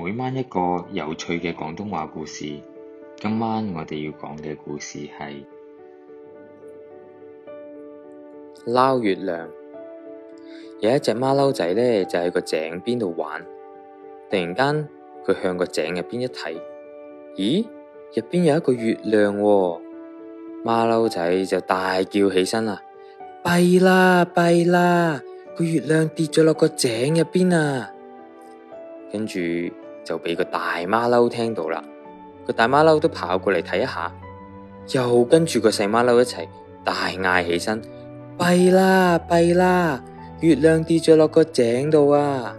每晚一個有趣嘅廣東話故事，今晚我哋要講嘅故事係撈月亮。有一隻馬騮仔呢，就喺個井邊度玩。突然間，佢向個井入邊一睇，咦，入邊有一個月亮喎。馬騮仔就大叫起身啦：弊啦，弊啦！個月亮跌咗落個井入邊啊！跟住，就俾個大馬騮聽到啦，個大馬騮都跑過嚟睇一下，又跟住個細馬騮一齊大嗌起身：弊啦弊啦，月亮跌咗落個井度啊！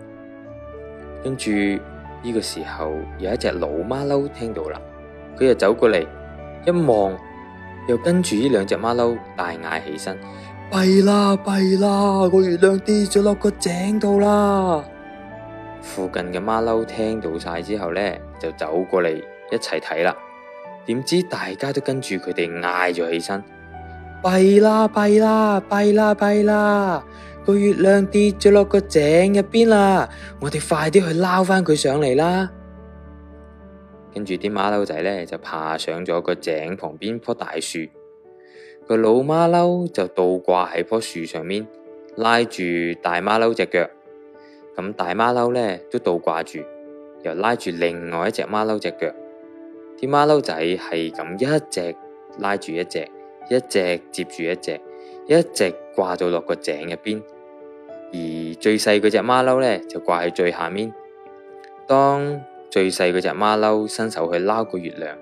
跟住呢個時候有一隻老馬騮聽到啦，佢又走過嚟一望，又跟住呢兩隻馬騮大嗌起身：弊啦弊啦，個月亮跌咗落個井度啦、啊！附近嘅馬騮聽到晒之後呢，就走過嚟一齊睇啦。點知大家都跟住佢哋嗌咗起身：「弊啦弊啦弊啦弊啦！個月亮跌咗落個井入邊啦，我哋快啲去撈翻佢上嚟啦！」跟住啲馬騮仔呢，就爬上咗個井旁邊棵大樹，個老馬騮就倒掛喺棵樹上面，拉住大馬騮隻腳。咁大馬騮咧都倒掛住，又拉住另外一隻馬騮隻腳。啲馬騮仔係咁一隻拉住一隻，一隻接住一隻，一直掛咗落個井入邊。而最細嗰隻馬騮咧就掛喺最下面。當最細嗰隻馬騮伸手去撈個月亮，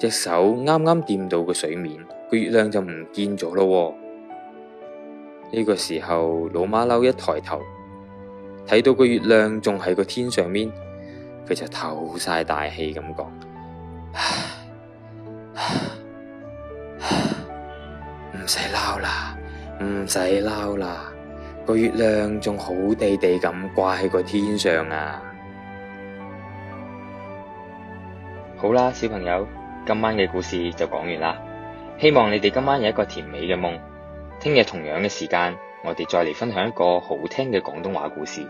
隻手啱啱掂到個水面，個月亮就唔見咗咯。呢個時候，老馬騮一抬頭。睇到個月亮仲喺個天上面，佢就唞晒大氣咁講：唉，唔使撈啦，唔使撈啦，個月亮仲好地地咁掛喺個天上啊！好啦，小朋友，今晚嘅故事就講完啦，希望你哋今晚有一個甜美嘅夢，聽日同樣嘅時間。我哋再嚟分享一個好聽嘅廣東話故事。